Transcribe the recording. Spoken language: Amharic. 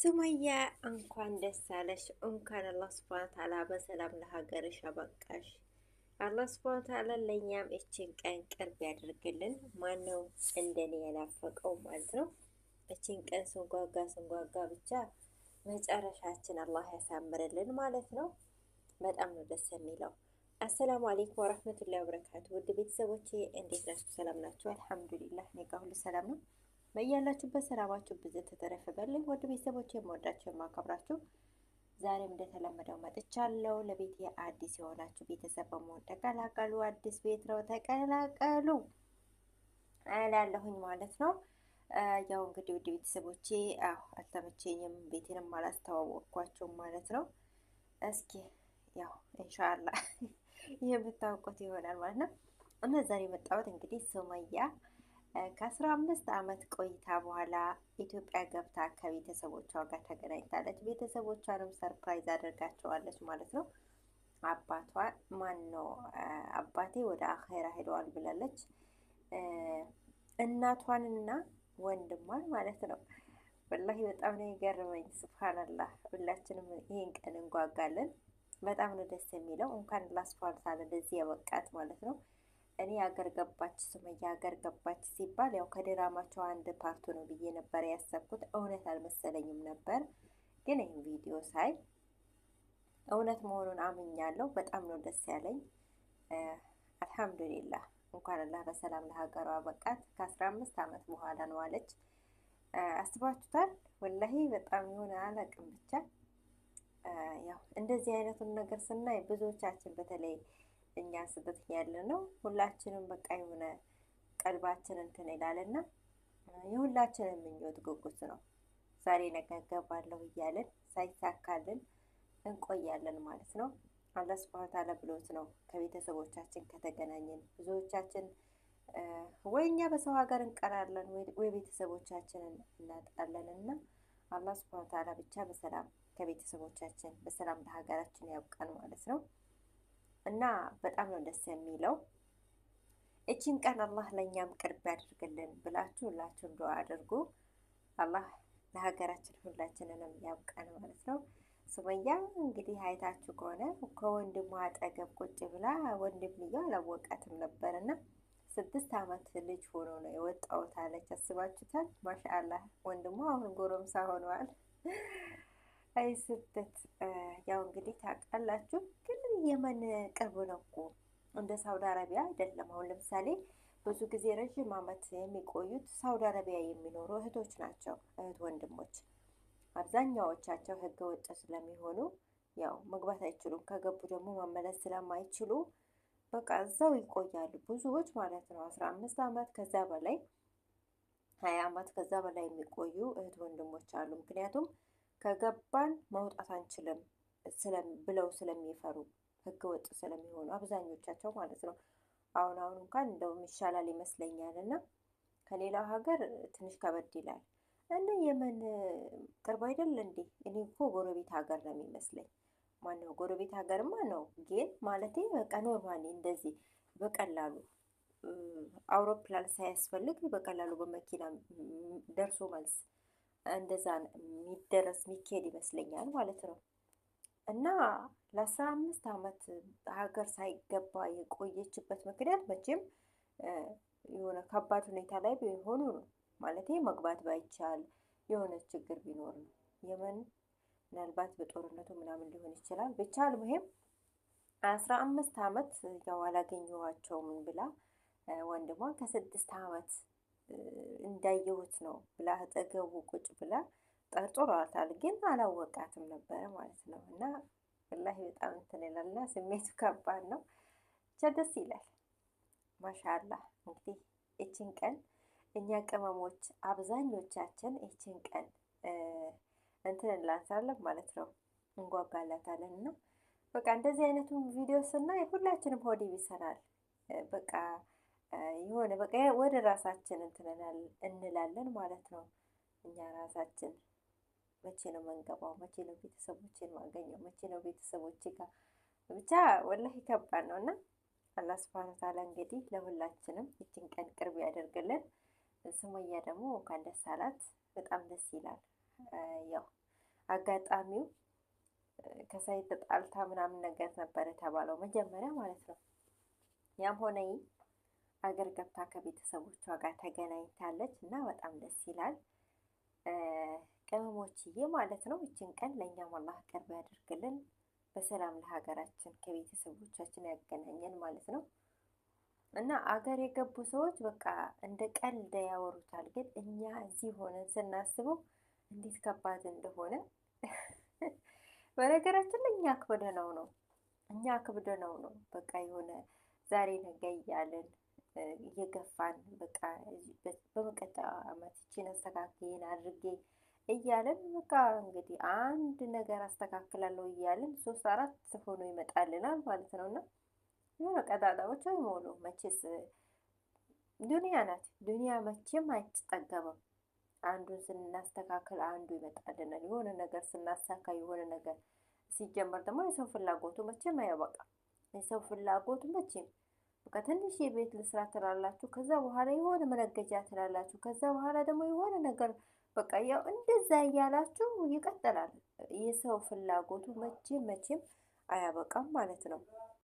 ሱመያ እንኳን ደስ አለሽ፣ እንኳን አላህ ስብሃነ ተዓላ በሰላም ለሀገርሽ አበቃሽ። አላህ ስብሃነ ተዓላ ለእኛም እችን ቀን ቅርብ ያደርግልን። ማነው እንደኔ ያላፈቀው ማለት ነው። እችን ቀን ስንጓጋ ስንጓጋ ብቻ መጨረሻችን አላህ ያሳምርልን ማለት ነው። በጣም ነው ደስ የሚለው። አሰላሙ አሌይኩም ወረህመቱላሂ ወበረካቱ። ውድ ቤተሰቦቼ እንዴት ናችሁ? ሰላም ናችሁ? አልሐምዱሊላህ እኔ ጋ ሁሉ ሰላም ነው። በያላችሁበት ሰላማችሁ ብዝት ተተረፈ በልኝ። ወደ ቤተሰቦች የምወዳችሁ የማከብራችሁ ዛሬም እንደተለመደው መጥቻለሁ። ለቤት የአዲስ የሆናችሁ ቤተሰብ በመሆን ተቀላቀሉ። አዲስ ቤት ነው ተቀላቀሉ እላለሁኝ ማለት ነው። ያው እንግዲህ ውድ ቤተሰቦቼ አሁ አልተመቼኝም፣ ቤቴንም አላስተዋወቅኳቸውም ማለት ነው። እስኪ ያው ኢንሻአላህ ይህ የምታውቁት ይሆናል ማለት ነው እና ዛሬ የመጣሁት እንግዲህ ሱመያ ከአስራ አምስት ዓመት ቆይታ በኋላ ኢትዮጵያ ገብታ ከቤተሰቦቿ ጋር ተገናኝታለች። ቤተሰቦቿንም ሰርፕራይዝ አድርጋቸዋለች ማለት ነው። አባቷ ማን ነው አባቴ ወደ አኼራ ሄደዋል ብላለች። እናቷንና ወንድሟን ማለት ነው። ወላሂ በጣም ነው የገረመኝ። ስብሓንላህ ሁላችንም ይህን ቀን እንጓጋለን። በጣም ነው ደስ የሚለው። እንኳን ላስፋልታ ለዚህ ያበቃት ማለት ነው። እኔ አገር ገባች ሱመያ አገር ገባች ሲባል ያው ከድራማቸው አንድ ፓርቱ ነው ብዬ ነበር ያሰብኩት። እውነት አልመሰለኝም ነበር፣ ግን ይህን ቪዲዮ ሳይ እውነት መሆኑን አምኛለሁ። በጣም ነው ደስ ያለኝ። አልሐምዱሊላህ እንኳን አላህ በሰላም ለሀገሯ በቃት። ከአስራ አምስት አመት በኋላ ነው አለች። አስባችሁታል? ወላሂ በጣም የሆነ አላቅም ብቻ ያው እንደዚህ አይነቱን ነገር ስናይ ብዙዎቻችን በተለይ እኛ ስበት ያለ ነው። ሁላችንም በቃ የሆነ ቀልባችን እንትን ይላልና የሁላችንም ምኞት ጉጉት ነው። ዛሬ ነገ ገባለሁ እያለን ሳይሳካልን እንቆያለን ማለት ነው። አላህ ሱብሃነሁ ወተዓላ ብሎት ነው ከቤተሰቦቻችን ከተገናኘን ብዙዎቻችን ወይ እኛ በሰው ሀገር እንቀራለን ወይ ቤተሰቦቻችንን እናጣለን እና አላህ ሱብሃነሁ ወተዓላ ብቻ በሰላም ከቤተሰቦቻችን በሰላም ለሀገራችን ያውቃል ማለት ነው። እና በጣም ነው ደስ የሚለው። እቺን ቀን አላህ ለእኛም ቅርብ ያደርግልን ብላችሁ ሁላችሁም ዱዓ አድርጉ። አላህ ለሀገራችን ሁላችንንም ያብቃን ማለት ነው። ሱመያ እንግዲህ አይታችሁ ከሆነ ከወንድሟ አጠገብ ቁጭ ብላ ወንድምየው አላወቃትም ነበርና ስድስት አመት ልጅ ሆኖ ነው የወጣሁት አለች። አስባችሁታል? ማሻአላህ ወንድሟ አሁን ጎረምሳ ሆነዋል። ስደት ያው እንግዲህ ታውቃላችሁ፣ ግን የመን ቅርብ ነው እኮ እንደ ሳውዲ አረቢያ አይደለም። አሁን ለምሳሌ ብዙ ጊዜ ረዥም ዓመት የሚቆዩት ሳውዲ አረቢያ የሚኖሩ እህቶች ናቸው። እህት ወንድሞች አብዛኛዎቻቸው ህገ ወጥ ስለሚሆኑ ያው መግባት አይችሉም። ከገቡ ደግሞ መመለስ ስለማይችሉ በቃ እዛው ይቆያሉ። ብዙዎች ማለት ነው አስራ አምስት ዓመት ከዛ በላይ ሀያ ዓመት ከዛ በላይ የሚቆዩ እህት ወንድሞች አሉ። ምክንያቱም ከገባን መውጣት አንችልም ብለው ስለሚፈሩ ህገ ወጥ ስለሚሆኑ አብዛኞቻቸው ማለት ነው። አሁን አሁን እንኳን እንደውም ይሻላል ይመስለኛል እና ከሌላው ሀገር ትንሽ ከበድ ይላል። እነ የመን ቅርብ አይደል እንዴ? እኔ እኮ ጎረቤት ሀገር ነው የሚመስለኝ። ማነው ጎረቤት ሀገርማ ነው፣ ግን ማለት በቃ ኖርማሊ እንደዚህ በቀላሉ አውሮፕላን ሳያስፈልግ በቀላሉ በመኪና ደርሶ መልስ እንደዛ የሚደረስ የሚካሄድ ይመስለኛል ማለት ነው። እና ለአስራ አምስት አመት ሀገር ሳይገባ የቆየችበት ምክንያት መቼም የሆነ ከባድ ሁኔታ ላይ ቢሆኑ ነው ማለት መግባት ባይቻል የሆነ ችግር ቢኖር ነው። የመን ምናልባት በጦርነቱ ምናምን ሊሆን ይችላል። ብቻ ይሄም አስራ አምስት አመት ያው አላገኘኋቸውም ብላ ወንድሟ ከስድስት አመት። እንዳየሁት ነው ብላ አጠገቡ ቁጭ ብላ ጠርጥሯታል፣ ግን አላወቃትም ነበረ ማለት ነው። እና ወላሂ በጣም እንትን ይላልና ስሜቱ ከባድ ነው። ብቻ ደስ ይላል። ማሻላ እንግዲህ እችን ቀን እኛ ቅመሞች አብዛኞቻችን እችን ቀን እንትን እንላታለን ማለት ነው። እንጓጓላታለን ነው። በቃ እንደዚህ አይነቱን ቪዲዮ ስናይ ሁላችንም ሆድ ይሰራል በቃ የሆነ በቃ ወደ ራሳችን እንላለን ማለት ነው። እኛ ራሳችን መቼ ነው መንገባው? መቼ ነው ቤተሰቦችን ማገኘው? መቼ ነው ቤተሰቦች ጋር ብቻ ወላሂ ከባድ ነው እና አላህ ስብሐነ ወተዓላ እንግዲህ ለሁላችንም ይችን ቀን ቅርብ ያደርግልን። ሱመያ ደግሞ እንኳን ደስ አላት። በጣም ደስ ይላል። ያው አጋጣሚው ከሳይ ተጣልታ ምናምን ነገር ነበረ የተባለው መጀመሪያ ማለት ነው። ያም ሆነ አገር ገብታ ከቤተሰቦቿ ጋር ተገናኝታለች እና በጣም ደስ ይላል። ቅመሞችዬ ማለት ነው። ይችን ቀን ለእኛም አላህ ቅርብ ያደርግልን፣ በሰላም ለሀገራችን ከቤተሰቦቻችን ያገናኘን ማለት ነው። እና አገር የገቡ ሰዎች በቃ እንደ ቀልድ ያወሩታል፣ ግን እኛ እዚህ ሆነን ስናስበው እንዴት ከባድ እንደሆነ በነገራችን ላይ እኛ አክብደነው ነው እኛ አክብደነው ነው በቃ የሆነ ዛሬ ነገ እያልን እየገፋን በቃ በመቀጣ አመት ይችን አስተካክዬን አድርጌ እያለን በቃ እንግዲህ አንድ ነገር አስተካክላለሁ እያለን ሶስት አራት ሆኖ ይመጣልናል ማለት ነው። እና የሆነ ቀጣጣዎች አይሞሉ መቼስ ዱኒያ ናት። ዱኒያ መቼም አይትጠገበም። አንዱን ስናስተካክል አንዱ ይመጣልናል። የሆነ ነገር ስናሳካ የሆነ ነገር ሲጀመር ደግሞ የሰው ፍላጎቱ መቼም አያበቃም። የሰው ፍላጎቱ መቼም በቃ ትንሽ የቤት ልስራ ትላላችሁ። ከዛ በኋላ የሆነ መነገጃ ትላላችሁ። ከዛ በኋላ ደግሞ የሆነ ነገር በቃ ያው እንደዛ እያላችሁ ይቀጥላል። የሰው ፍላጎቱ መቼም መቼም አያበቃም ማለት ነው።